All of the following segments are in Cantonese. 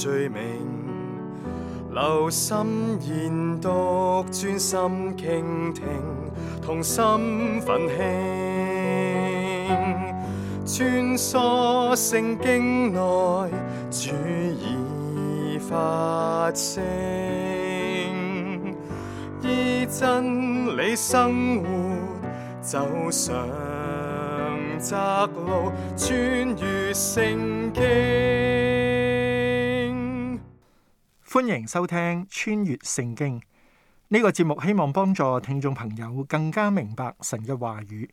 罪名留心研讀，專心傾聽，同心奮興，穿梭聖經內，主已發聲，依真理生活，走上窄路，穿越聖經。歡迎收聽穿越聖經呢、這個節目，希望幫助聽眾朋友更加明白神嘅話語，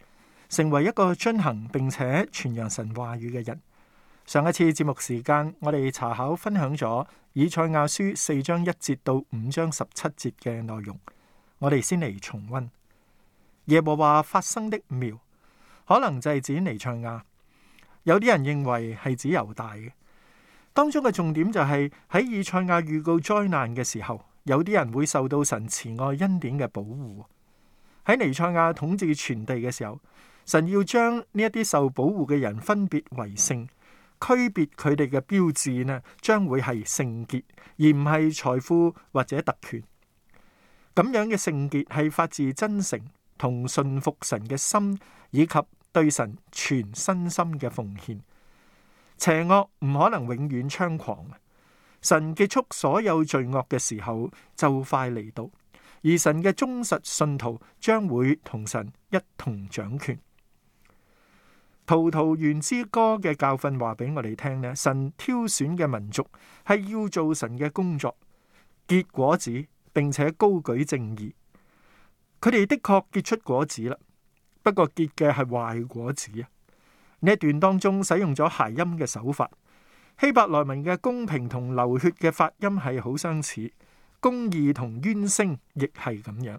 成為一個遵行，並且傳揚神話語嘅人。上一次節目時間，我哋查考、分享咗以賽亞書四章一節到五章十七節嘅內容，我哋先嚟重溫。耶和華發生的苗，可能就係指彌賽亞，有啲人認為係指猶大嘅。當中嘅重點就係喺以賽亞預告災難嘅時候，有啲人會受到神慈愛恩典嘅保護；喺彌賽亞統治全地嘅時候，神要將呢一啲受保護嘅人分別為聖，區別佢哋嘅標誌呢，將會係聖潔，而唔係財富或者特權。咁樣嘅聖潔係發自真誠同信服神嘅心，以及對神全身心嘅奉獻。邪惡唔可能永遠猖狂，神結束所有罪惡嘅時候就快嚟到，而神嘅忠實信徒將會同神一同掌權。葡萄園之歌嘅教訓話俾我哋聽咧，神挑選嘅民族係要做神嘅工作，結果子並且高舉正義，佢哋的確結出果子啦，不過結嘅係壞果子啊。呢一段當中使用咗諧音嘅手法，希伯來文嘅公平同流血嘅發音係好相似，公義同冤聲亦係咁樣。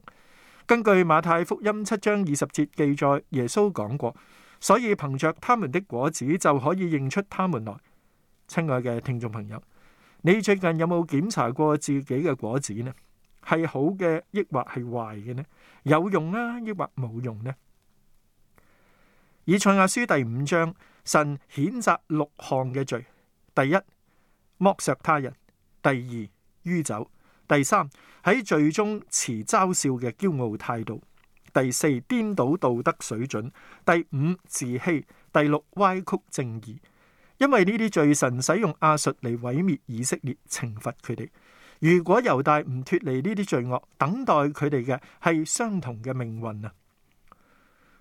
根據馬太福音七章二十節記載，耶穌講過，所以憑着他們的果子就可以認出他們來。親愛嘅聽眾朋友，你最近有冇檢查過自己嘅果子呢？係好嘅，抑或係壞嘅呢？有用啊，抑或冇用呢？以賽亞書第五章，神譴責六項嘅罪：第一，剝削他人；第二，酗酒；第三，喺罪中持嘲笑嘅驕傲態度；第四，顛倒道德水準；第五，自欺；第六，歪曲正義。因為呢啲罪，神使用亞述嚟毀滅以色列，懲罰佢哋。如果猶大唔脫離呢啲罪惡，等待佢哋嘅係相同嘅命運啊！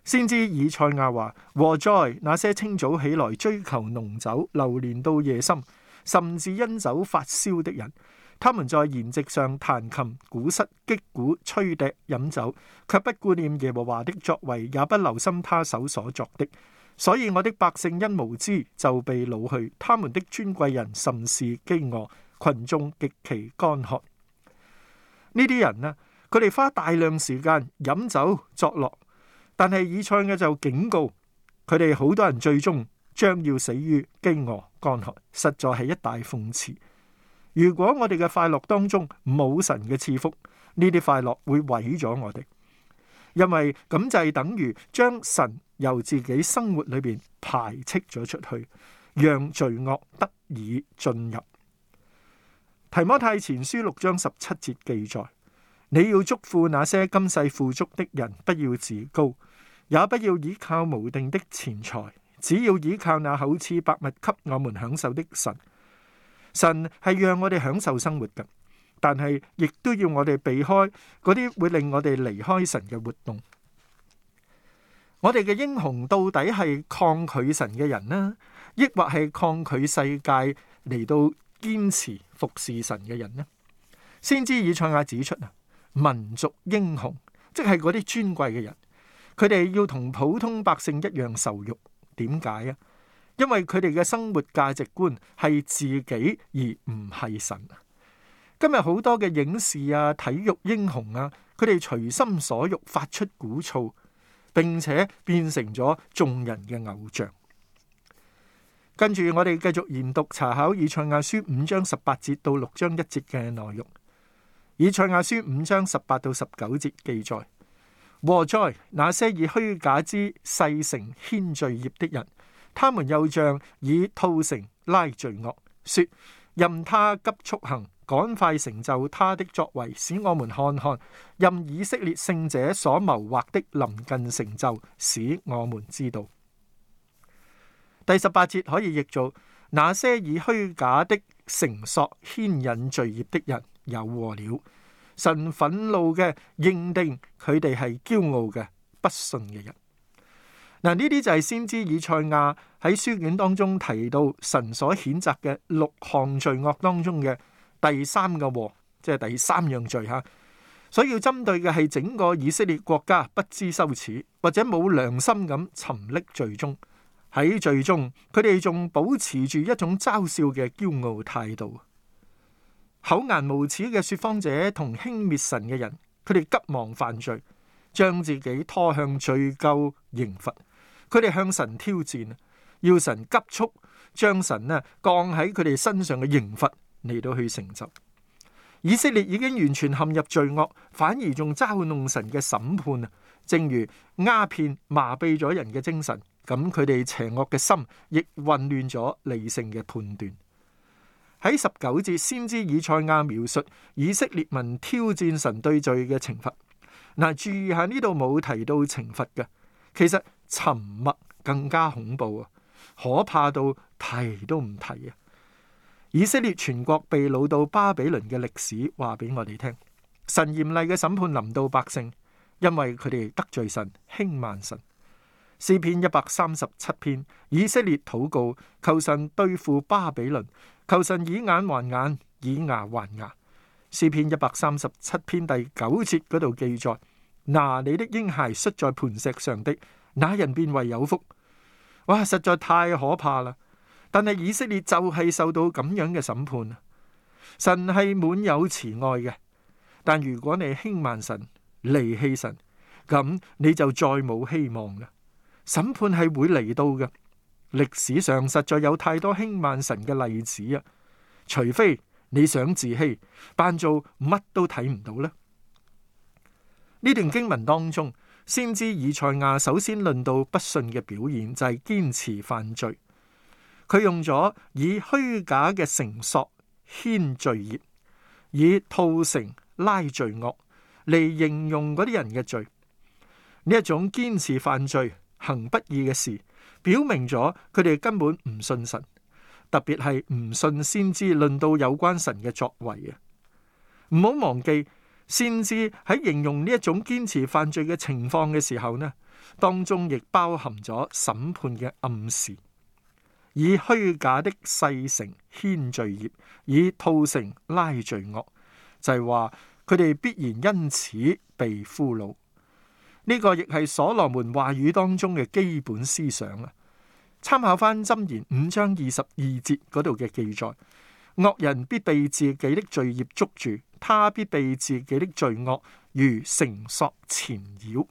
先知以賽亞話：禍哉，那些清早起來追求濃酒，流連到夜深，甚至因酒發燒的人，他們在筵席上彈琴、鼓瑟、擊鼓、吹笛、飲酒，却不顧念耶和華的作為，也不留心他手所作的。所以我的百姓因無知就被擄去，他們的尊貴人甚是飢餓，群眾極其乾渴。呢啲人呢，佢哋花大量時間飲酒作樂。但係以賽亞就警告佢哋，好多人最終將要死於飢餓、乾旱，實在係一大諷刺。如果我哋嘅快樂當中冇神嘅賜福，呢啲快樂會毀咗我哋，因為咁就係等於將神由自己生活裏邊排斥咗出去，讓罪惡得以進入。提摩太前書六章十七節記載。你要祝福那些今世富足的人，不要自高，也不要倚靠無定的錢財，只要倚靠那厚賜百物給我們享受的神。神係讓我哋享受生活嘅，但係亦都要我哋避開嗰啲會令我哋離開神嘅活動。我哋嘅英雄到底係抗拒神嘅人呢，抑或係抗拒世界嚟到堅持服侍神嘅人呢？先知以賽亞指出啊。民族英雄，即係嗰啲尊貴嘅人，佢哋要同普通百姓一樣受辱，點解啊？因為佢哋嘅生活價值觀係自己而唔係神。今日好多嘅影視啊、體育英雄啊，佢哋隨心所欲發出鼓噪，並且變成咗眾人嘅偶像。跟住我哋繼續研讀查考《以賽亞書》五章十八節到六章一節嘅內容。以賽亞書五章十八到十九節記載：禍哉，那些以虛假之細繩牽罪孽的人，他們又像以套繩拉罪惡，說：任他急速行，趕快成就他的作為，使我們看看，任以色列聖者所謀劃的臨近成就，使我們知道。第十八節可以譯做：那些以虛假的繩索牽引罪孽的人。有禍了，神憤怒嘅認定佢哋係驕傲嘅不順嘅人。嗱，呢啲就係先知以賽亞喺書卷當中提到神所譴責嘅六項罪惡當中嘅第三個禍，即係第三樣罪吓。所以要針對嘅係整個以色列國家不知羞恥或者冇良心咁沉溺罪中，喺罪中，佢哋仲保持住一種嘲笑嘅驕傲態度。口顏無恥嘅說謊者同輕蔑神嘅人，佢哋急忙犯罪，將自己拖向罪咎刑罰。佢哋向神挑戰，要神急速將神呢降喺佢哋身上嘅刑罰嚟到去成就。以色列已經完全陷入罪惡，反而仲嘲弄神嘅審判啊！正如鴉片麻痹咗人嘅精神，咁佢哋邪惡嘅心亦混亂咗理性嘅判斷。喺十九節，先知以賽亞描述以色列民挑戰神對罪嘅懲罰。嗱，注意下呢度冇提到懲罰嘅，其實沉默更加恐怖啊，可怕到提都唔提啊！以色列全國被擄到巴比倫嘅歷史話俾我哋聽，神嚴厲嘅審判臨到百姓，因為佢哋得罪神、輕慢神。詩篇一百三十七篇，以色列禱告求神對付巴比倫。求神以眼還眼，以牙還牙。詩篇一百三十七篇第九節嗰度記載：拿你的嬰孩摔在磐石上的那人便為有福。哇，實在太可怕啦！但係以色列就係受到咁樣嘅審判。神係滿有慈愛嘅，但如果你輕慢神、離棄神，咁你就再冇希望啦。審判係會嚟到嘅。歷史上實在有太多輕慢神嘅例子啊！除非你想自欺，扮做乜都睇唔到呢。呢段經文當中，先知以賽亞首先論到不信嘅表現，就係、是、堅持犯罪。佢用咗以虛假嘅繩索牽罪孽，以套繩拉罪惡嚟，形容嗰啲人嘅罪。呢一種堅持犯罪、行不義嘅事。表明咗佢哋根本唔信神，特別係唔信先知。論到有關神嘅作為啊，唔好忘記先知喺形容呢一種堅持犯罪嘅情況嘅時候呢，當中亦包含咗審判嘅暗示。以虛假的細繩牽罪孽，以套繩拉罪惡，就係話佢哋必然因此被俘虜。呢個亦係所羅門話語當中嘅基本思想啊！參考翻《箴言》五章二十二節嗰度嘅記載，惡人必被自己的罪孽捉住，他必被自己的罪惡如繩索纏繞。《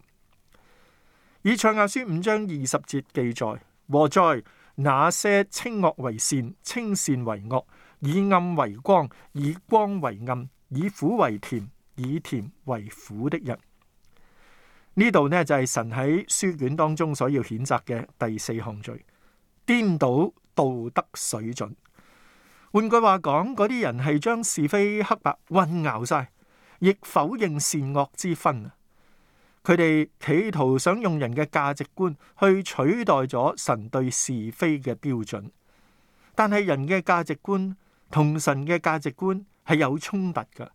以賽亞書》五章二十節記載：禍哉那些稱惡為善、稱善為惡、以暗為光、以光為暗、以苦為甜、以甜為苦的人，呢度呢，就係、是、神喺書卷當中所要譴責嘅第四項罪。顛倒道德水準，換句話講，嗰啲人係將是非黑白混淆晒，亦否認善惡之分啊。佢哋企圖想用人嘅價值觀去取代咗神對是非嘅標準，但係人嘅價值觀同神嘅價值觀係有衝突噶。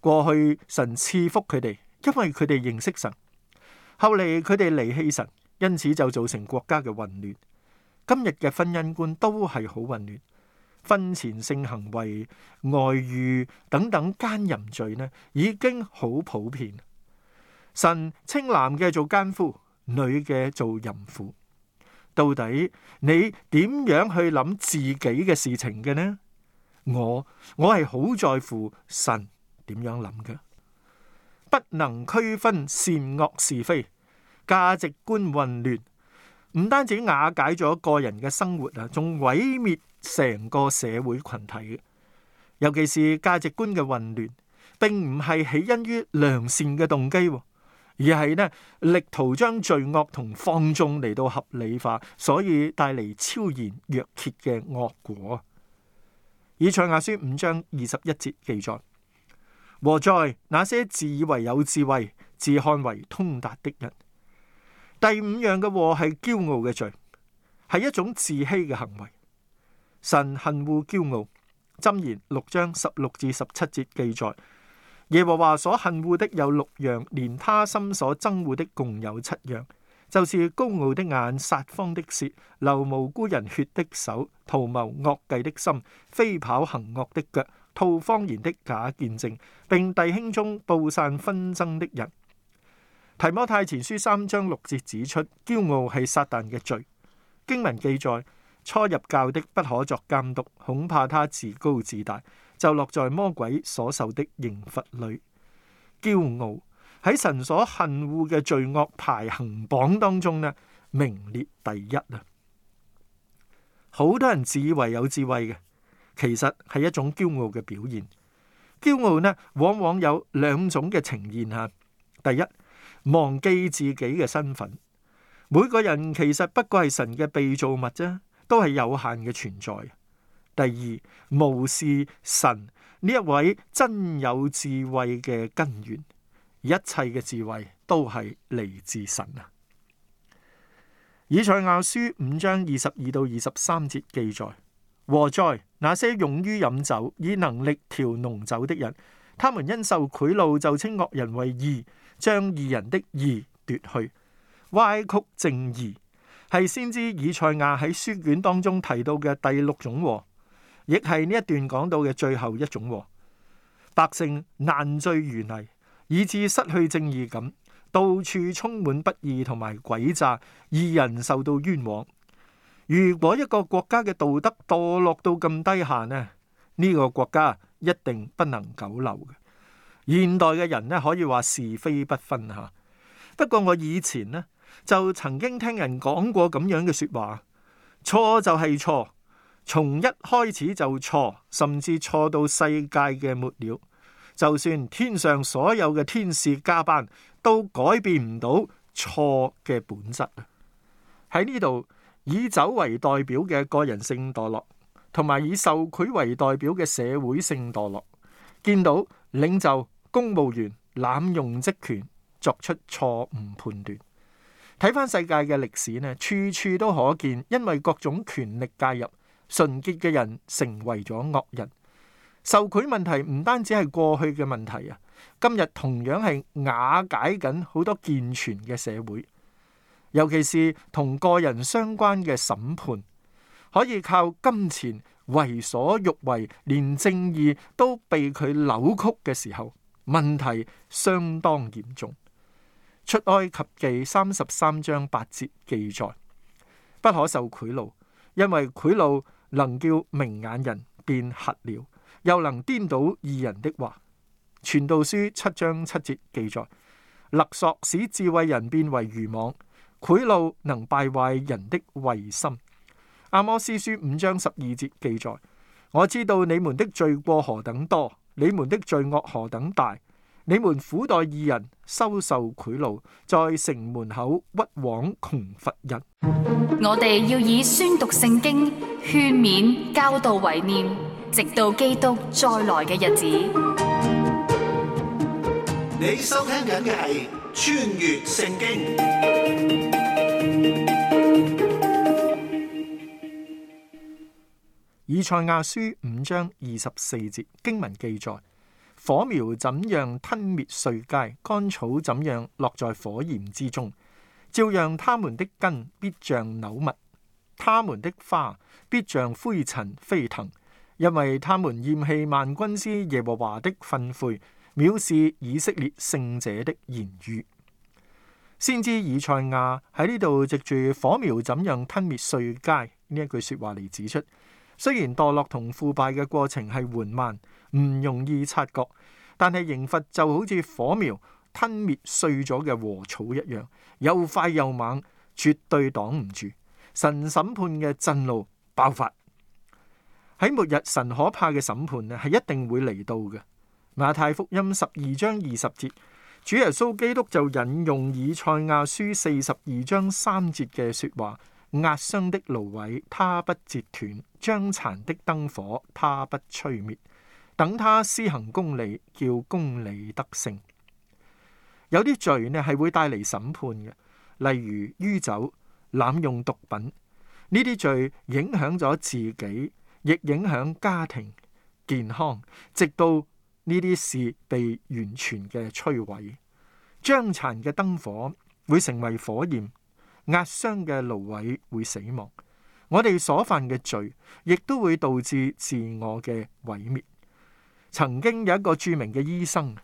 過去神賜福佢哋，因為佢哋認識神；後嚟佢哋離棄神，因此就造成國家嘅混亂。今日嘅婚姻觀都係好混亂，婚前性行為、外遇等等奸淫罪呢，已經好普遍。神稱男嘅做奸夫，女嘅做淫婦。到底你點樣去諗自己嘅事情嘅呢？我我係好在乎神點樣諗嘅，不能區分善惡是非，價值觀混亂。唔單止瓦解咗個人嘅生活啊，仲毀滅成個社會群體，尤其是價值觀嘅混亂，並唔係起因於良善嘅動機，而係咧力圖將罪惡同放縱嚟到合理化，所以帶嚟超然若揭嘅惡果。以賽亞書五章二十一節記載：禍哉那些自以為有智慧、自看為通達的人。第五樣嘅禍係驕傲嘅罪，係一種自欺嘅行為。神恨惡驕傲，箴言六章十六至十七節記載，耶和華所恨惡的有六樣，連他心所憎惡的共有七樣，就是高傲的眼、撒謊的舌、流無辜人血的手、圖謀惡計的心、飛跑行惡的腳、吐謊言的假見證，並弟兄中布散紛爭的人。提摩太前書三章六節指出，驕傲係撒旦嘅罪。經文記載，初入教的不可作監督，恐怕他自高自大，就落在魔鬼所受的刑罰裏。驕傲喺神所恨惡嘅罪惡排行榜當中呢，名列第一啊！好多人自以為有智慧嘅，其實係一種驕傲嘅表現。驕傲呢，往往有兩種嘅呈現吓，第一，忘記自己嘅身份，每個人其實不過係神嘅被造物啫，都係有限嘅存在。第二，無視神呢一位真有智慧嘅根源，一切嘅智慧都係嚟自神啊。以賽亞書五章二十二到二十三節記載：禍哉，那些勇於飲酒以能力調濃酒的人，他們因受賄賂就稱惡人為義。將義人的義奪去，歪曲正義，係先知以賽亞喺書卷當中提到嘅第六種，亦係呢一段講到嘅最後一種。百姓爛醉如泥，以致失去正義感，到處充滿不義同埋詭詐，義人受到冤枉。如果一個國家嘅道德墮落到咁低下呢，呢個國家一定不能久留嘅。現代嘅人咧，可以話是非不分嚇。不過，我以前呢，就曾經聽人講過咁樣嘅説話：錯就係錯，從一開始就錯，甚至錯到世界嘅末了，就算天上所有嘅天使加班都改變唔到錯嘅本質。喺呢度，以酒為代表嘅個人性墮落，同埋以受賄為代表嘅社會性墮落，見到。領袖、公務員濫用職權作出錯誤判斷，睇返世界嘅歷史呢，處處都可見，因為各種權力介入，純潔嘅人成為咗惡人。受賄問題唔單止係過去嘅問題啊，今日同樣係瓦解緊好多健全嘅社會，尤其是同個人相關嘅審判，可以靠金錢。為所欲為，連正義都被佢扭曲嘅時候，問題相當嚴重。出埃及記三十三章八節記載：不可受賄賂，因為賄賂能叫明眼人變瞎了，又能顛倒義人的話。傳道書七章七節記載：勒索使智慧人變為愚妄，賄賂能敗壞人的慧心。阿摩司書五章十二節記載：我知道你們的罪過何等多，你們的罪惡何等大。你們苦待義人，收受賄賂，在城門口屈枉窮乏人。我哋要以宣讀聖經勸勉、教導、為念，直到基督再來嘅日子。你收聽緊嘅係穿越聖經。以賽亞書五章二十四節經文記載：火苗怎樣吞滅碎稭，乾草怎樣落在火焰之中，照樣他們的根必像朽物，他們的花必像灰塵飛騰，因為他們厭棄萬軍之耶和華的訓誨，藐視以色列聖者的言語。先知以賽亞喺呢度藉住火苗怎樣吞滅碎稭呢一句說話嚟指出。雖然墮落同腐敗嘅過程係緩慢，唔容易察覺，但係刑罰就好似火苗吞滅碎咗嘅禾草一樣，又快又猛，絕對擋唔住神審判嘅震怒爆發。喺末日神可怕嘅審判呢，係一定會嚟到嘅。馬太福音十二章二十節，主耶穌基督就引用以賽亞書四十二章三節嘅說話。壓傷的蘆葦，他不折斷；將殘的燈火，他不吹滅。等他施行公理，叫公理得勝。有啲罪咧係會帶嚟審判嘅，例如酗酒、濫用毒品呢啲罪，影響咗自己，亦影響家庭、健康，直到呢啲事被完全嘅摧毀。將殘嘅燈火會成為火焰。壓傷嘅蘆葦會死亡，我哋所犯嘅罪，亦都會導致自我嘅毀滅。曾經有一個著名嘅醫生，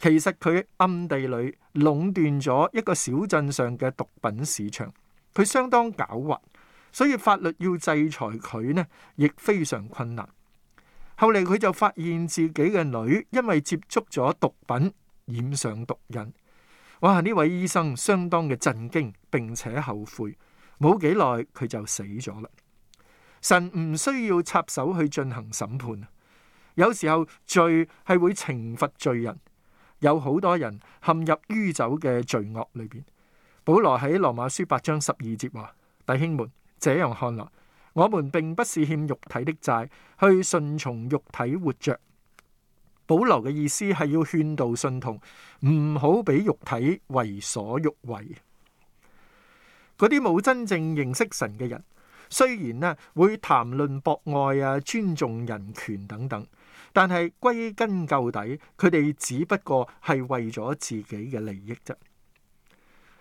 其實佢暗地裏壟斷咗一個小鎮上嘅毒品市場，佢相當狡猾，所以法律要制裁佢呢，亦非常困難。後嚟佢就發現自己嘅女因為接觸咗毒品，染上毒癮。哇！呢位醫生相當嘅震驚並且後悔，冇幾耐佢就死咗啦。神唔需要插手去進行審判，有時候罪係會懲罰罪人，有好多人陷入酗酒嘅罪惡裏邊。保羅喺羅馬書八章十二節話：弟兄們，這樣看來，我們並不是欠肉體的債，去順從肉體活着。保留嘅意思係要勸導信徒唔好俾肉體為所欲為。嗰啲冇真正認識神嘅人，雖然咧會談論博愛啊、尊重人權等等，但係歸根究底，佢哋只不過係為咗自己嘅利益啫。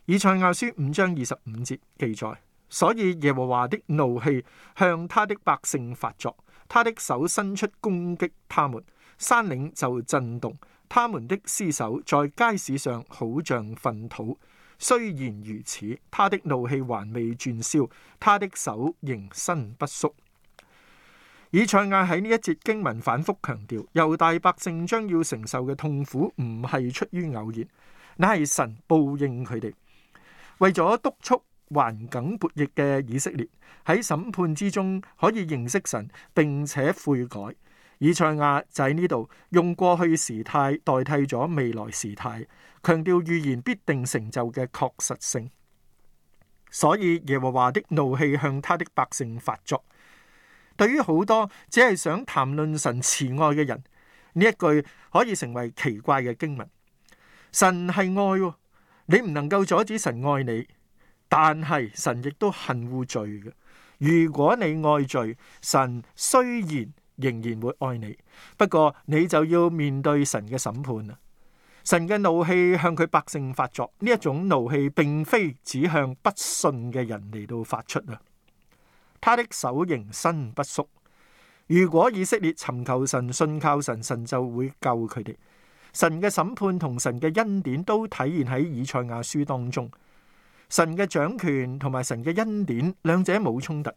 以賽亞書五章二十五節記載，所以耶和華的怒氣向他的百姓發作，他的手伸出攻擊他們。山嶺就震動，他們的屍首在街市上好像糞土。雖然如此，他的怒氣還未轉消，他的手仍伸不縮。以賽亞喺呢一節經文反覆強調，猶大百姓將要承受嘅痛苦唔係出於偶然，乃係神報應佢哋，為咗督促頑梗悖逆嘅以色列喺審判之中可以認識神，並且悔改。以賽亞就喺呢度用過去時態代替咗未來時態，強調預言必定成就嘅確實性。所以耶和華的怒氣向他的百姓發作。對於好多只係想談論神慈愛嘅人，呢一句可以成為奇怪嘅經文。神係愛、哦、你，唔能夠阻止神愛你，但係神亦都恨惡罪嘅。如果你愛罪，神雖然。仍然會愛你，不過你就要面對神嘅審判啦。神嘅怒氣向佢百姓發作，呢一種怒氣並非指向不信嘅人嚟到發出啊。他的手仍伸不縮。如果以色列尋求神、信靠神，神就會救佢哋。神嘅審判同神嘅恩典都體現喺以賽亞書當中。神嘅掌權同埋神嘅恩典兩者冇衝突。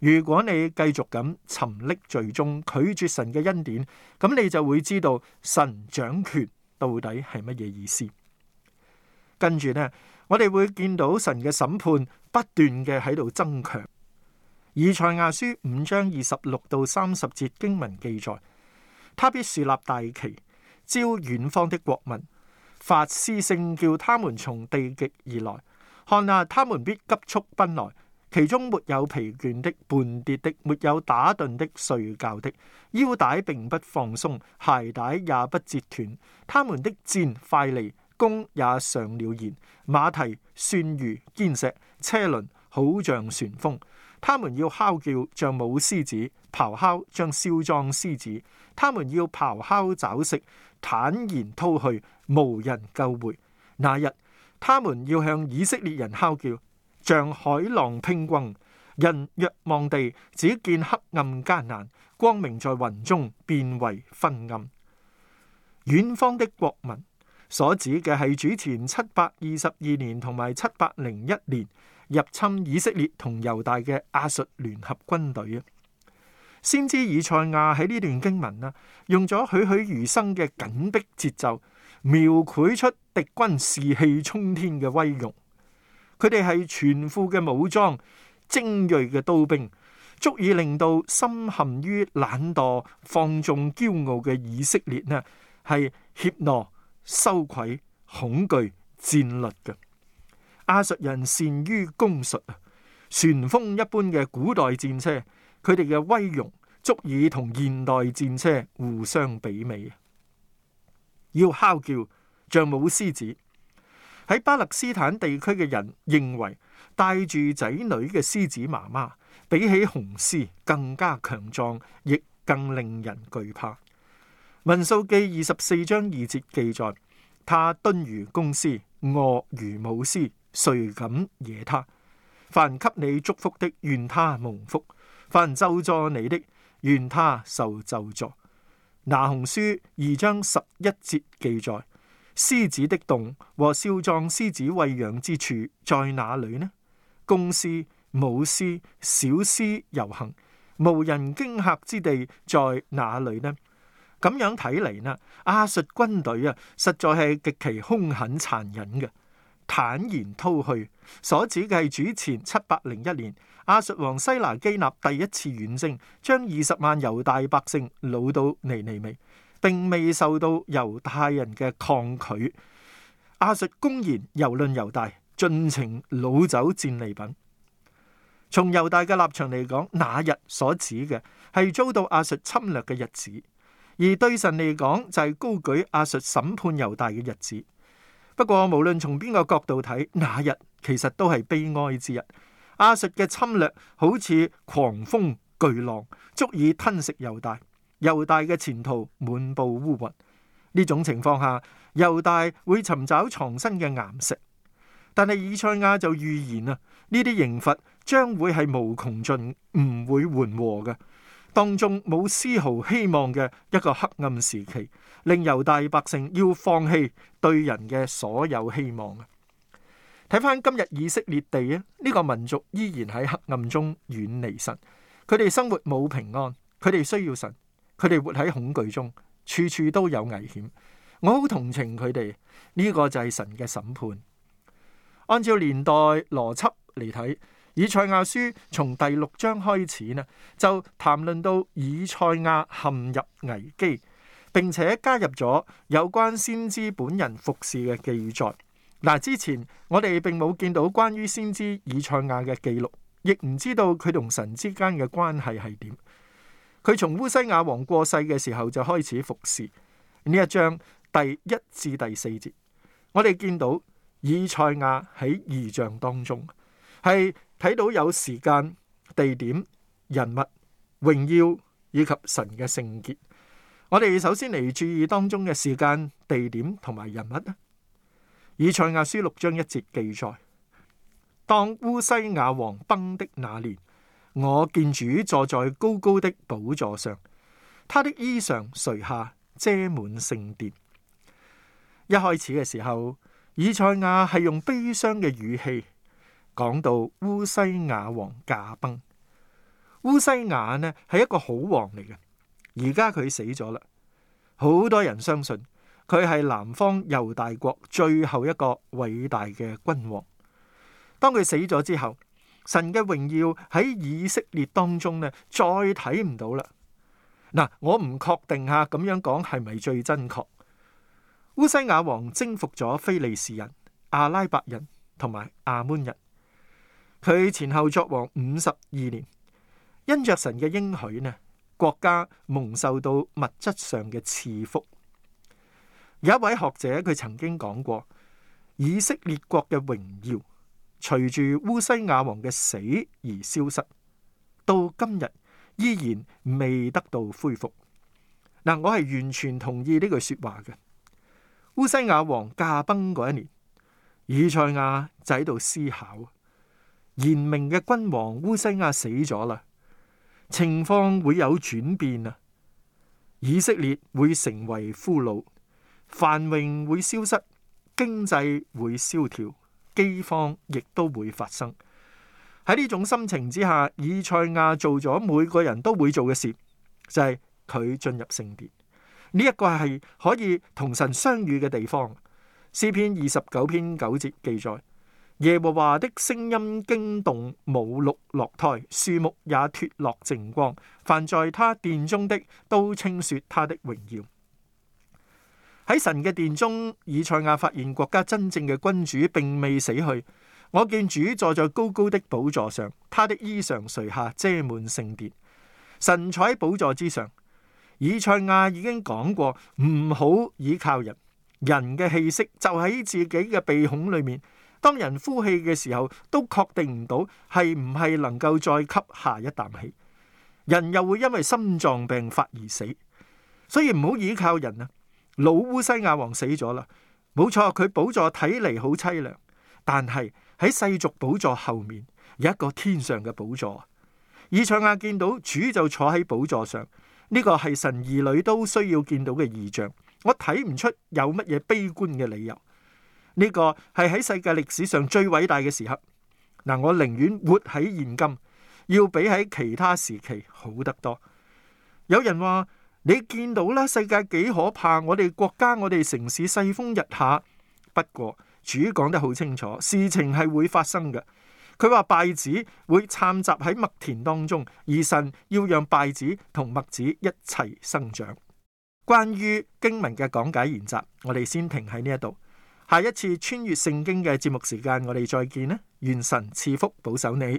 如果你繼續咁沉溺罪中，拒絕神嘅恩典，咁你就會知道神掌權到底係乜嘢意思。跟住呢，我哋會見到神嘅審判不斷嘅喺度增強。以賽亞書五章二十六到三十節經文記載，他必豎立大旗，招遠方的國民，發嘶聲叫他們從地極而來。看啊，他們必急速奔來。其中沒有疲倦的、半跌的、沒有打盹的、睡覺的，腰帶並不放鬆，鞋帶也不折斷，他們的箭快利，弓也上了弦。馬蹄、算如、堅石、車輪好像旋風，他們要吼叫，像母獅子，咆哮像少壯獅子。他們要咆哮抓食，坦然叼去，無人救回。那日，他們要向以色列人吼叫。像海浪匉訇，人若望地，只見黑暗艱難，光明在雲中變為昏暗。遠方的國民所指嘅，係主前七百二十二年同埋七百零一年入侵以色列同猶大嘅亞述聯合軍隊啊！先知以賽亞喺呢段經文啦，用咗栩栩如生嘅緊迫節奏，描繪出敵軍士氣沖天嘅威榮。佢哋係全副嘅武裝、精銳嘅刀兵，足以令到深陷於懶惰、放縱、驕傲嘅以色列呢？係怯懦、羞愧、恐懼、戰律嘅亞述人善於攻術，旋風一般嘅古代戰車，佢哋嘅威容足以同現代戰車互相媲美！要嚎叫，像母獅子。喺巴勒斯坦地區嘅人認為，帶住仔女嘅獅子媽媽，比起雄獅更加強壯，亦更令人懼怕。民數記二十四章二節記載：他蹲如公獅，卧如母獅，誰敢惹他？凡給你祝福的，願他蒙福；凡咒詛你的，願他受咒詛。」拿鴻書二章十一節記載。獅子的洞和少壯獅子餵養之處在哪裏呢？公獅、母獅、小獅遊行，無人驚嚇之地在哪裏呢？咁樣睇嚟，呢，亞述軍隊啊，實在係極其凶狠殘忍嘅。坦然叼去。所指嘅係主前七百零一年，亞述王西拿基納第一次遠征，將二十萬猶大百姓擄到尼尼微。並未受到猶太人嘅抗拒，亞述公然蹂躪猶大，盡情攞走戰利品。從猶大嘅立場嚟講，那日所指嘅係遭到亞述侵略嘅日子；而對神嚟講，就係、是、高舉亞述審判猶大嘅日子。不過，無論從邊個角度睇，那日其實都係悲哀之日。亞述嘅侵略好似狂風巨浪，足以吞食猶大。猶大嘅前途滿佈烏雲，呢種情況下，猶大會尋找藏身嘅岩石。但係以賽亞就預言啊，呢啲刑罰將會係無窮盡，唔會緩和嘅，當中冇絲毫希望嘅一個黑暗時期，令猶大百姓要放棄對人嘅所有希望啊！睇翻今日以色列地啊，呢個民族依然喺黑暗中遠離神，佢哋生活冇平安，佢哋需要神。佢哋活喺恐懼中，處處都有危險。我好同情佢哋，呢、這個就係神嘅審判。按照年代邏輯嚟睇，《以賽亞書》從第六章開始呢，就談論到以賽亞陷入危機，並且加入咗有關先知本人服侍嘅記載。嗱，之前我哋並冇見到關於先知以賽亞嘅記錄，亦唔知道佢同神之間嘅關係係點。佢從烏西亞王過世嘅時候就開始服侍。呢一章第一至第四節，我哋見到以賽亞喺異象當中，係睇到有時間、地點、人物、榮耀以及神嘅聖潔。我哋首先嚟注意當中嘅時間、地點同埋人物啦。以賽亞書六章一節記載：當烏西亞王崩的那年。我見主坐在高高的寶座上，他的衣裳垂下，遮滿聖殿。一開始嘅時候，以賽亞係用悲傷嘅語氣講到烏西雅王駕崩。烏西雅呢係一個好王嚟嘅，而家佢死咗啦，好多人相信佢係南方猶大國最後一個偉大嘅君王。當佢死咗之後，神嘅榮耀喺以色列當中呢，再睇唔到啦。嗱，我唔確定吓咁樣講係咪最真確。烏西亞王征服咗非利士人、阿拉伯人同埋阿門人，佢前後作王五十二年，因着神嘅應許呢，國家蒙受到物質上嘅賜福。有一位學者佢曾經講過，以色列國嘅榮耀。隨住烏西亞王嘅死而消失，到今日依然未得到恢復。嗱，我係完全同意呢句說話嘅。烏西亞王駕崩嗰一年，以賽亞就喺度思考：賢明嘅君王烏西亞死咗啦，情況會有轉變啊！以色列會成為俘虜，繁榮會消失，經濟會蕭條。飢荒亦都會發生。喺呢種心情之下，以賽亞做咗每個人都會做嘅事，就係、是、佢進入聖殿。呢、這、一個係可以同神相遇嘅地方。詩篇二十九篇九節記載：耶和華的聲音驚動母鹿落胎，樹木也脱落淨光。凡在他殿中的，都稱說他的榮耀。喺神嘅殿中，以賽亞發現國家真正嘅君主並未死去。我見主坐在高高的寶座上，他的衣裳垂下，遮滿聖殿。神坐在寶座之上。以賽亞已經講過，唔好依靠人。人嘅氣息就喺自己嘅鼻孔裏面，當人呼氣嘅時候都確定唔到係唔係能夠再吸下一啖氣。人又會因為心臟病發而死，所以唔好依靠人啊！老烏西亞王死咗啦，冇錯，佢寶座睇嚟好淒涼，但係喺世俗寶座後面有一個天上嘅寶座。以賽亞見到主就坐喺寶座上，呢、這個係神兒女都需要見到嘅異象。我睇唔出有乜嘢悲觀嘅理由。呢、這個係喺世界歷史上最偉大嘅時刻。嗱，我寧願活喺現今，要比喺其他時期好得多。有人話。你見到啦，世界幾可怕！我哋國家、我哋城市，世風日下。不過主講得好清楚，事情係會發生嘅。佢話稗子會摻雜喺麥田當中，以神要讓稗子同麥子一齊生長。關於經文嘅講解研習，我哋先停喺呢一度。下一次穿越聖經嘅節目時間，我哋再見啦！願神賜福保守你。